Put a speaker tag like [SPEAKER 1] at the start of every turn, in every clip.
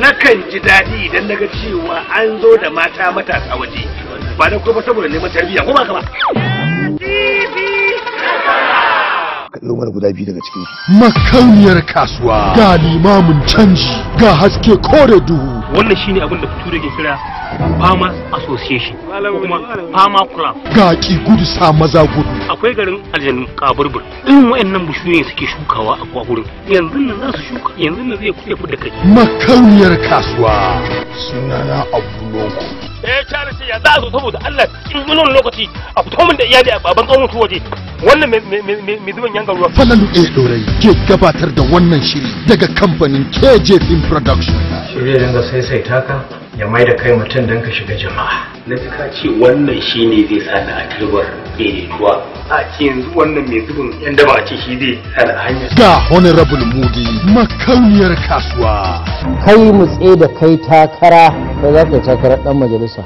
[SPEAKER 1] Nakan ji daɗi idan na ga cewa an zo da mata matasa waje ba da kuma saboda neman tarbiyya ko ba ka ba. Kaɗo mana guda biyu daga cikin su. Makauniyar kasuwa ga limamin canji ga haske kore duhu. Wannan shine abin da Bature ke kira farmers association kuma farmer club gaki gudu sa maza gudu akwai garin aljanu kaburbur irin wayannan bishiyoyin suke shukawa a gurin yanzu nan za su shuka yanzu nan zai kuɗe da kai makauniyar kasuwa sunana abu loko eh charles ya za su saboda Allah in wannan lokaci a fito min da iyali a baban kan mutu waje wannan mai zuban yanka ruwa falalu eh dorai ke gabatar da wannan shiri daga kamfanin KJ Film Production shirye da sai sai taka ya mai da kai mutum don ka shiga jama'a na ka ce wannan shi ne zai sa na a turbar daidaituwa a ce yanzu wannan mai zubin yan daba ce shi zai sa na hanyar ga honorable Moody, makauniyar kasuwa kai mutse da kai takara da za ka takarar dan majalisa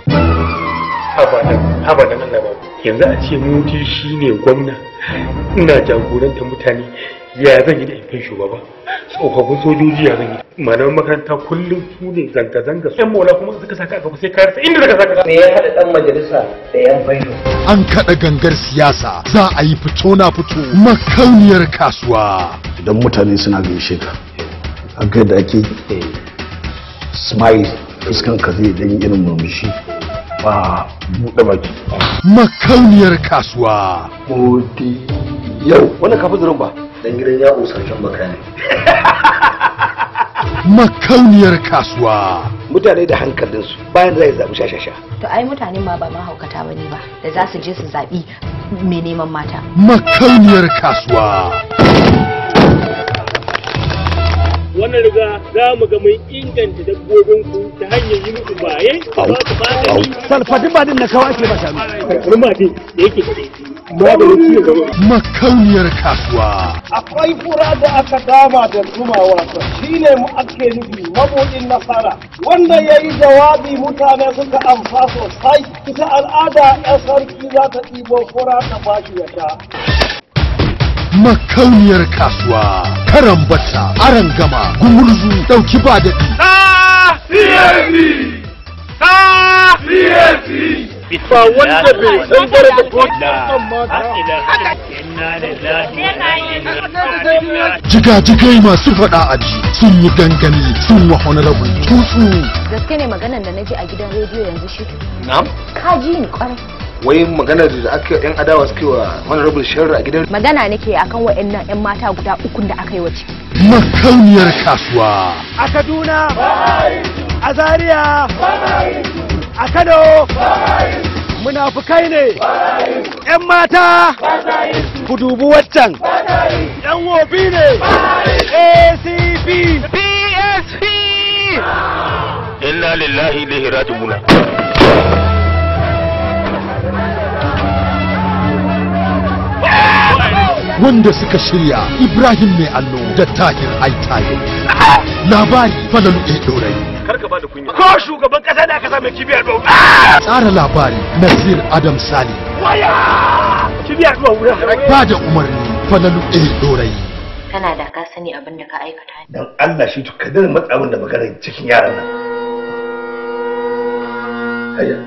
[SPEAKER 1] abadan abadan Allah yanzu a ce Moody shi ne gwamna ina jagorantar mutane ya zan yi da ikin shugaba tsofaffin sojoji ya zan yi malaman makaranta kullum su ne zanga-zanga yan mola kuma suka saka k'a gaba sai kayar inda suka saka me ya haɗa ɗan majalisa da yan bayo an kaɗa gangar siyasa za a yi fito na fito makauniyar kasuwa idan mutane suna gaishe ka an kai da ake smile iskan ka zai dan irin murmushi ba buɗe baki makauniyar kasuwa yau wani kafin zurin ba dan gidan yawo sarkin baka ne makauniyar kasuwa mutane da hankalinsu bayan zai zaɓi shashasha to ai mutane ma ba mahaukata ba ne ba da za su je su zaɓi mai neman mata makauniyar kasuwa wannan riga za mu ga mun inganta dabbobin ku ta hanyar yi musu baye ba su magani salfatin ba din na kawai ake ba shanu karɓar din da yake makauniyar kasuwa akwai fura da aka dama da zuma wasa shine mu ake nufi mabudin nasara wanda ya yi jawabi mutane suka amsa sosai ita al'ada ya sarki za ta ɗibo fura ta bashi ya ta. makauniyar kasuwa karan bata aran gama gumurzu dauki ba da ba wanda bai san daraja dokin jigajigai masu faɗa a ji sun yi gangani, sun wa honorable tutsu gaske ne maganan da na ji a gidan rediyo yanzu shi na'am ka ji ni kwarai wai maganar da aka yan adawa suke wa honorable sharri a gidan magana nake akan wa'annan yan mata guda uku da aka yi wa ciki makauniyar kasuwa a kaduna a zaria a kano munafukai ne yan mata ku dubi waccan yan wobi ne acp psp inna lillahi lihi raji'un wanda suka shirya Ibrahim mai allo da Tahir Aitaye. Labari Falalu ke ɗorayi. Karka ba da kunya. Ko shugaban ƙasa da aka mai kibiyar bau. Ah! Tsara labari Nasir Adam Sali. Waya! Kibiyar bau. Ba da umarni Falalu ke ɗorayi. Kana da ka sani abin da ka aikata. Don Allah shi ka dare matsawin da magana cikin yaran nan. Haya,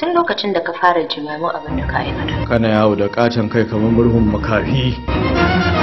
[SPEAKER 1] tun lokacin da ka fara jimamin abin da ka aikata kana yawo da katon kai kamar murhun makafi